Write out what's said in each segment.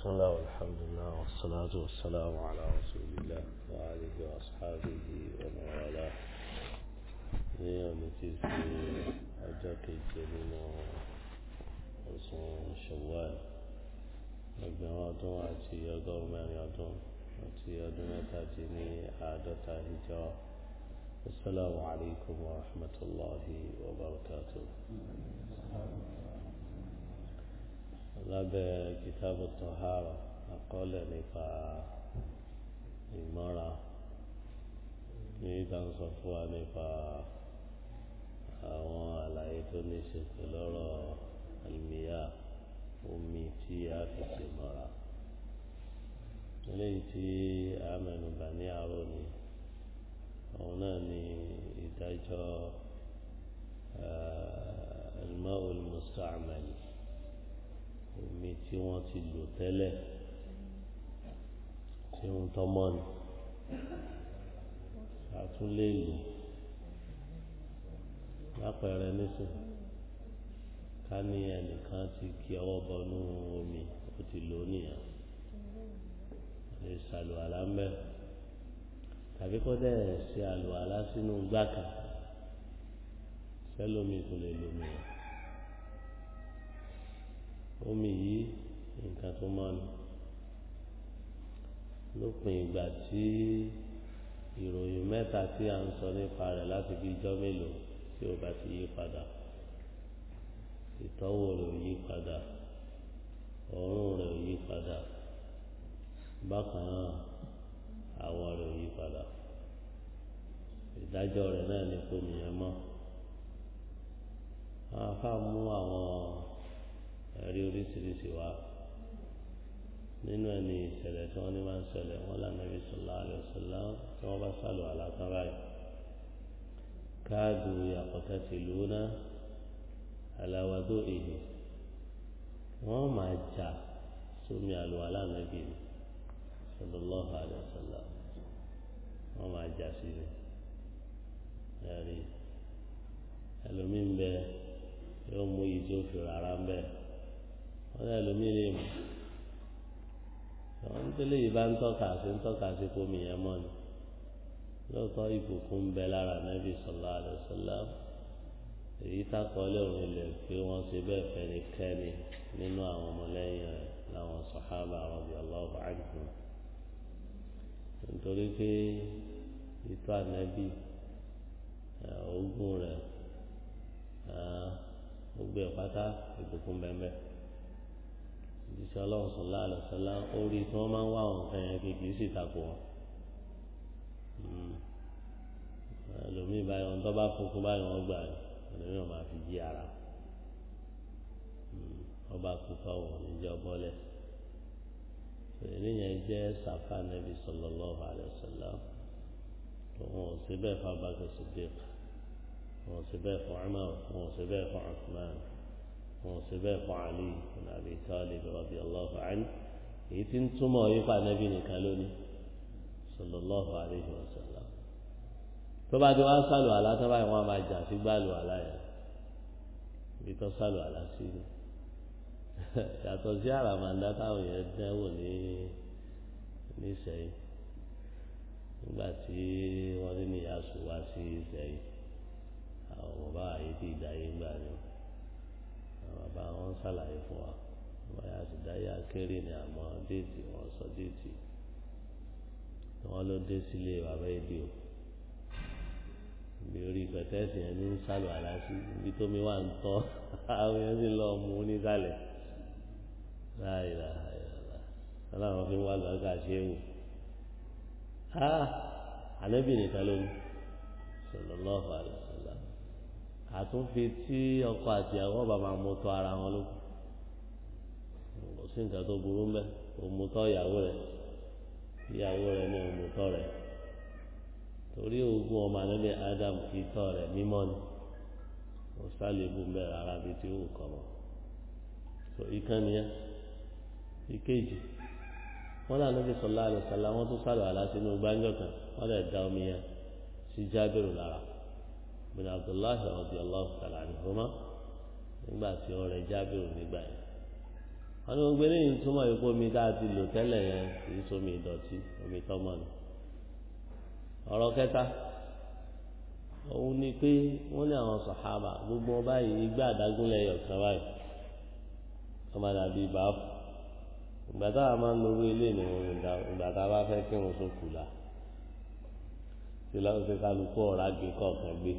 بسم الله والحمد لله والصلاة والسلام على رسول الله وآله وأصحابه ومن والاه اليوم في أجاك الكريم وصوم شوال أبنى وعدون أتي يدور من يدون أتي يدون تاتيني عادة هجرة السلام عليكم ورحمة الله وبركاته lábẹ́ kìtàbù tọ̀hárà àkọọ́lẹ̀ nípa ìmọ́ra ní ìdánsọ fún wa nípa àwọn àlàyé tó ní ṣe pẹ̀lú ọ̀rọ̀ àlùmíyà omi tí a fi ṣe mọ́ra eléyìí tí a mẹ́nubà ní àárọ̀ ni òun náà ni ìdájọ́ الماء eh, المستعمل omi tí wọ́n ti lò tẹ́lẹ̀ tí ń tọ́mọ́ ni àtúnlé ìlú lápẹẹrẹ nísìn ká ní ẹnìkan ti kí ọwọ́ bọnú omi ó ti lò nìyẹn lè ṣàlùwàlá ń bẹ tàbí kó dẹ̀ ṣe àlùwàlá sínú gbàkà sẹ́lómi kò lè lò nìyẹn omi yìí nǹkan tó máa ń lópin ìgbà tí ìròyìn mẹ́ta tí a ń sọ nípa rẹ̀ láti bí ijọ́ mélòó tí ó bá ti yí padà ìtọ́wò rẹ̀ ò yí padà ọ̀run rẹ̀ ò yí padà bákan náà àwọ̀ rẹ̀ ò yí padà ìdájọ́ rẹ̀ náà ní kò nìyẹn mọ́ àwọn afáàmú àwọn ẹ̀rí oríṣiríṣi wá nínú ẹni ìṣẹ̀lẹ̀ tí wọ́n ní máa ń ṣẹlẹ̀ wọ́n lànàbí sọ̀lá àlọ́sọ̀lá tí wọ́n bá sálò àlàkàn báyìí káàdù yàtọ̀tẹ̀ tìlú náà aláwàdó èyí wọ́n máa jà sómi àlùwàlá nàbí ni sallallahu alaihi wasallam wọ́n máa jà sí ni ẹ̀rí ẹlòmíín bẹ yóò mú yìí tí ó ń bẹ́ẹ̀ wọ́n yà lómi lè mọ̀ àwọn tẹ́lẹ̀ yìí bá ń tọ́ka sí ń tọ́ka sí kó mi yẹn mọ́ ni lóòótọ́ ìbùkún ń bẹ lára nẹ́bí sọ̀lá àdùsọ̀lá èyí tákọ́lé òun ilẹ̀ pé wọ́n ṣe bẹ́ẹ̀ fẹ́nikẹ́ni nínú àwọn ọmọlẹ́yìn rẹ̀ láwọn sọ̀hábà rọ̀bì ọlọ́ọ̀bà àdùkù nítorí pé ìtọ́ ànẹ́bí ogún rẹ̀ gbogbo ẹ̀ e pátá ìbùkún bẹ́ẹ̀ bẹ́ẹ̀ ìṣẹ́ ọlọ́run sọ̀lá àlọ́sọ̀lá orí tí wọ́n máa ń wá àwọn nǹkan yẹn kékeré sì takò wọn. Hmm. ẹlòmíì báyìí wọn tó funfun báyìí wọn gbà ẹlòmíì wọn fi jí ara hmm. wọn bá pupa wọn ọbọlẹ ènìyàn jẹ sàfà nàbì sallallahu alaihi wasallam wọn ò sí bẹ́ẹ̀ fún abakẹ sọdẹ wọn ò sí bẹ́ẹ̀ fún ọmọ wọn ò sí bẹ́ẹ̀ fún ọkùnrin. وسبب علي بن أبي طالب رضي الله عنه يتنتم ويقع نبي نكالوني صلى الله عليه وسلم tọ́ba tí wọ́n sálù àlá tọ́ba yìí wọ́n máa jà sí gbàlù àlá yẹn ibi tó sálù àlá sí ni yàtọ̀ sí àràmàǹdá táwọn yẹn dẹ́wò ní nísẹ̀yìn nígbà tí wọ́n ní ìyá sùn wá sí ìsẹ̀yìn àwọn bàbá yìí ti dá yé gbà ni bàbá wọn ṣàlàyé fún wa báyà sì dáyà kéré ni àmọ́ déètì wọn sọ déètì wọn ló dé sílé bàbá èdè o lórí pẹ̀tẹ́sì yẹn ní sálù aláṣí ibi tó mi wà ń tọ́ àwọn yẹn sì lọ mú nísàlẹ̀ láì láì aláwọn fi ń wá gàgà ṣe wò á ah! ànábì nìkan ló ń sọlọ lọ́ọ̀fà rẹ̀ àtúnfi tí ọkọ àti àwọn bàbá mu tọ ara wọn ló kò sí nǹkan tó burú mbẹ òmùtọ ìyàwó rẹ ìyàwó rẹ ní òmùtọ rẹ torí ogun ọmọ anábẹ Adam ìtọ rẹ mímọ́ ni ó sálẹbù mbẹ rárá bíi tí ó kọ mọ so ìkànnìyà ìkejì wọn là níbi sọlá àlùsàlà wọn tún sálọ àlá sínú gbáǹjọ kan wọn lè da omi yẹn sí jábẹrù lára bin abdullahi radiyallahu ta'ala anhuma nígbà tí ó rẹ jábìrì nígbà yẹn wọn ní gbogbo eléyìí túmọ̀ ìpò omi tá a ti lò tẹ́lẹ̀ yẹn kì í sómi ìdọ̀tí omi tọ́mọ̀ ni ọ̀rọ̀ kẹta òun ni pé wọ́n ní àwọn sàhábà gbogbo ọba yìí igbá àdágúnlẹ̀ yọ̀kan báyìí ọmọ dàbí ìbáfù ìgbà táwa máa ń lo owó ilé ìnìwọ̀n ìgbà tá fẹ́ kírun sókùlà tí láwọn fi kálukú ọ̀rá gé kọ̀ọ̀kan gbé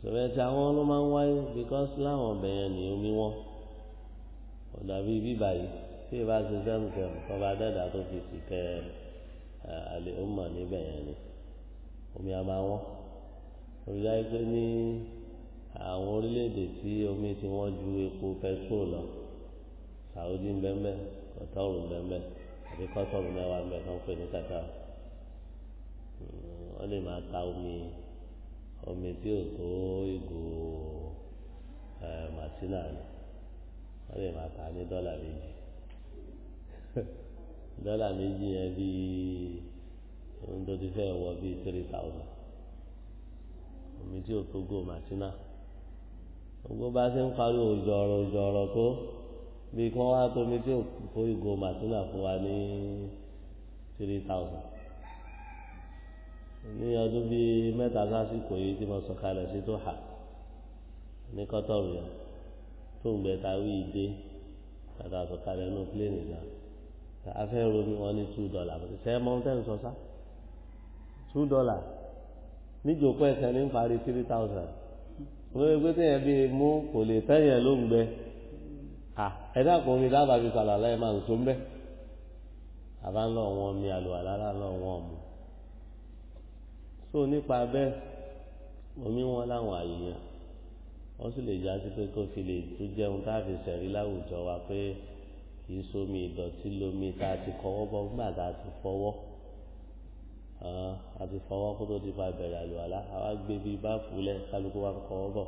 sọ̀rọ̀ tí àwọn ló máa ń wáyé bíkọ́sì láwọn ọ̀bẹ yẹn ní omi wọn ọ̀dà bíi bíbà yìí tí ìbá ṣe sẹ́mùkẹ́ ọba dẹ́dà tó fi sì kẹ́ àlè ọmọ níbẹ̀ yẹn ni omi a máa wọ́n òrìlá yìí pé ní àwọn orílẹ̀-èdè tí omi ti wọ́n ju epo pẹtrol lọ Saudi ń bẹ́ẹ̀ bẹ́ẹ̀ kọ́tọ́ọ̀rù ń bẹ́ẹ̀ bẹ́ẹ̀ àti kọ́tọ́ọ̀rù mẹ́wàá ń bẹ́ẹ̀ tó ń ní kàkà wọ́n lè máa ta omi omi tí ò tó ìgò màtínà ni wọ́n lè máa ta ní dọ́là méjì dọ́là méjì yẹn bíi ohun tó ti fẹ́ wọ bíi three thousand omi tí ò tó gò màtínà gbogbo bá ti ń parí òjòrò òjòrò tó bí kí wọ́n wá tómi tí ò tó ìgò màtínà fún wa ní three thousand ní ọdún bíi mẹ́ta sásìkò yìí tí mo sọ kalẹ̀ sí tó hà ní kọ́tọ́rù yẹn tó ń gbẹ̀ta wí ìdé tàbí sọ kalẹ̀ nù pléènì náà afẹ́rò ni wọ́n ní two dollar bó ti sẹ́ mọ́tẹ́n two dollar níjòkó ẹ̀sẹ̀ ní parí three thousand olórí pé téèyàn bíi mú kò lè tẹ́yìn ló ń gbẹ ẹ dákun mi dábàá fi sàlàlá ẹ máa ń so ń bẹ́ àbá ń lọ wọn mi àlùwàlá ń lọ wọn mu tó nípa bẹ́ẹ̀ omi wọn láwọn àyè yẹn wọ́n sì lè jásí pé kó fi lè tún jẹun tá a fi sẹ̀rí láwùjọ wa pé kì í somi ìdọ̀tí lomi tá a ti kọwọ́ bọ́ nígbà tá a ti fọwọ́ a ti fọwọ́ kó tó ti fa bẹ̀rẹ̀ àlùwàlá àwa gbé bíi báàfù lẹ̀ kálukú wa kọwọ́ bọ̀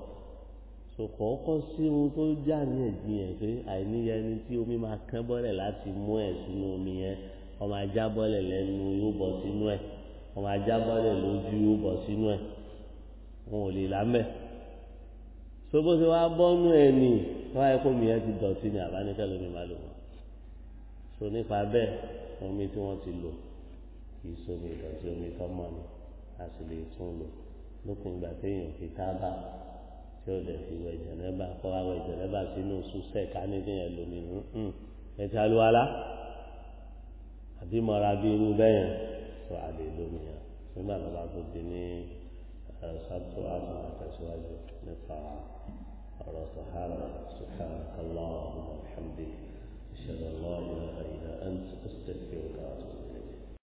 sòkò kọ́ sí ohun tó já ní ẹ̀gbìn yẹn pé àìníyẹ ni tí omi máa kán bọ́lẹ̀ láti mú ẹ̀ sínú omi yẹn ọmọ ajá bọ́lẹ̀ lẹ́nu yóò bọ̀ sínú ẹ̀ wọn máa jábọ́lẹ̀ lójú ó bọ̀ sínú ẹ̀ wọn ò lè lámẹ́ sobo ṣe wá bọ́nú ẹ̀ nì wọ́n á kó mi ẹ́ ti dọ̀tí ní àbáníkẹ́ lómi máa lò wọ́n so nípa bẹ́ẹ̀ omi tí wọ́n ti lò kì í somi ìdọ̀tí omi tó mọ́ ni a sì lè tún lò lópin ìgbà téèyàn fi tábà tí ó dẹ̀ fi wẹ̀ jẹ̀nẹ́bà kọ́ wa wẹ̀ jẹ̀nẹ́bà sínú sùsẹ̀ ká ní téèyàn lò ní ẹ̀ ti alúwalá àbí mọ́ra bí irú bẹ́yẹn. وعلى لوميا لما بعض الدين سبت وعما تسواج نفع على سبحانك اللهم وبحمدك أشهد أن لا إله إلا أنت أستغفرك وأتوب